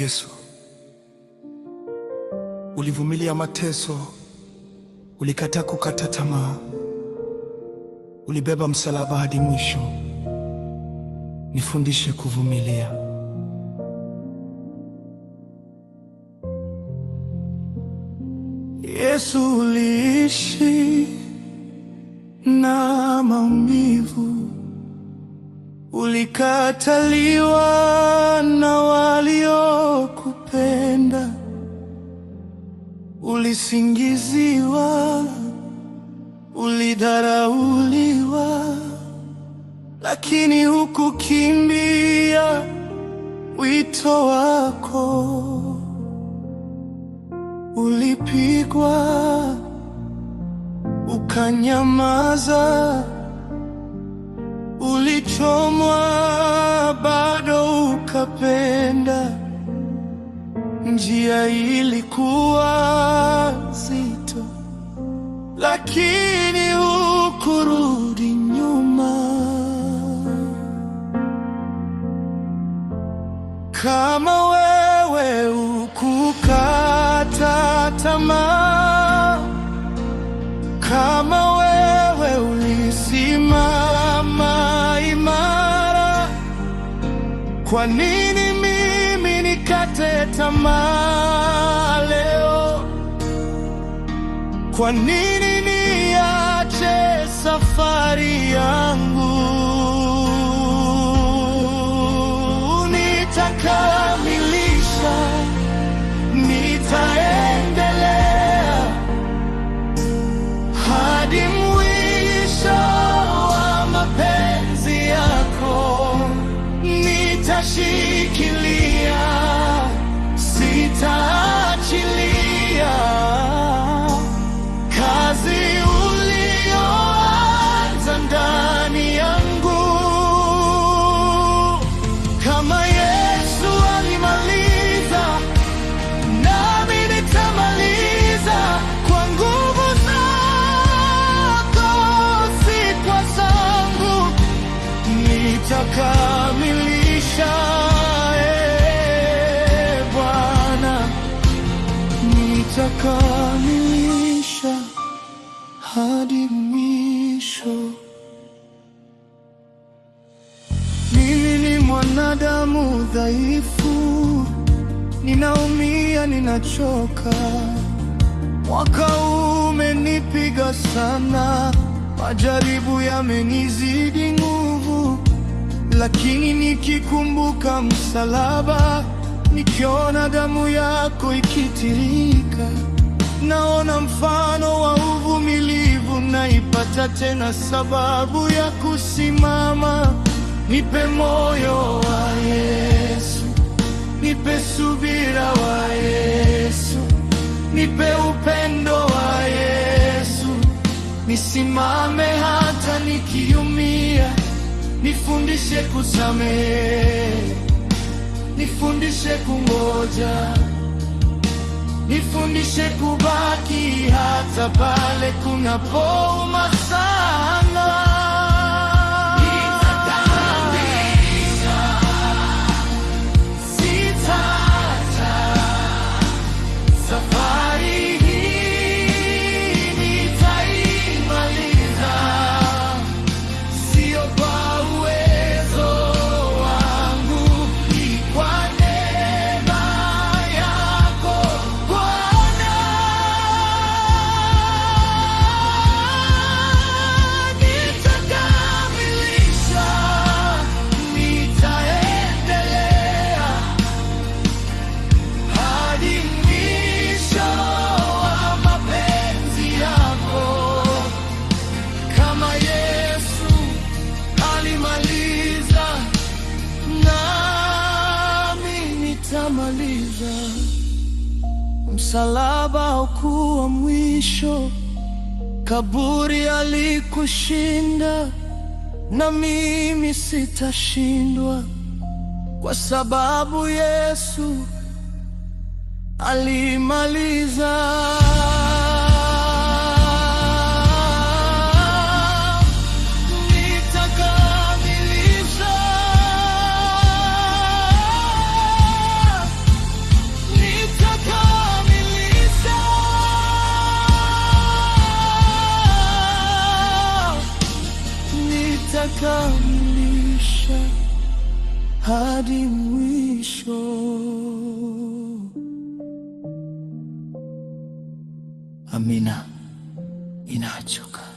Yesu, ulivumilia mateso, ulikataa kukata tamaa, ulibeba msalaba hadi mwisho. Nifundishe kuvumilia. Yesu uliishi na maumivu Ulikataliwa na waliokupenda, ulisingiziwa, ulidharauliwa, lakini hukukimbia wito wako. Ulipigwa ukanyamaza Ulichomwa bado ukapenda, njia ilikuwa zito, lakini hukurudi nyuma. Kama wewe ukukata tamaa Kwa nini mimi nikate tamaa leo? Kwa nini niache safari yangu? tutakamilisha hadi mwisho. Mimi ni mwanadamu dhaifu, ninaumia, ninachoka. Mwaka huu umenipiga sana, majaribu yamenizidi nguvu, lakini nikikumbuka msalaba nikiona damu yako ikitirika, naona mfano wa uvumilivu, naipata tena sababu ya kusimama. Nipe moyo wa Yesu, nipe subira wa Yesu, nipe upendo wa Yesu, nisimame hata nikiumia, nifundishe kusamehe nifundishe kungoja, nifundishe kubaki hata pale kunapouma kumaliza. Msalaba haukuwa mwisho, kaburi alikushinda, na mimi sitashindwa kwa sababu Yesu alimaliza. nitakamilisha hadi mwisho. Amina inachoka